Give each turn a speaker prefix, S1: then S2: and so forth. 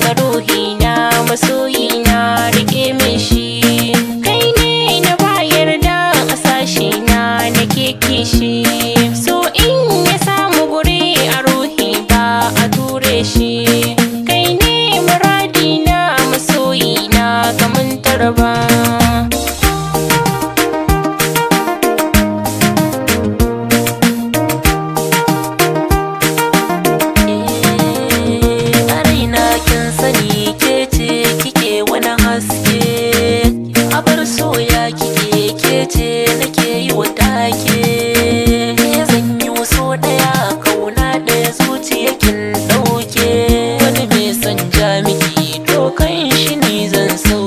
S1: ga ruhina masoyina rike min shi kai ne na ba yarda a sashi na nake kishi so in ya samu guri a ruhi ba a ture shi
S2: kai ne muradina masoyina kamun tarba
S1: ya kike ke ce nake yi wa take ya zan yi waso daya kauna daya zuciya kin dauke wani mai son jamiki to kan shi ne zan sau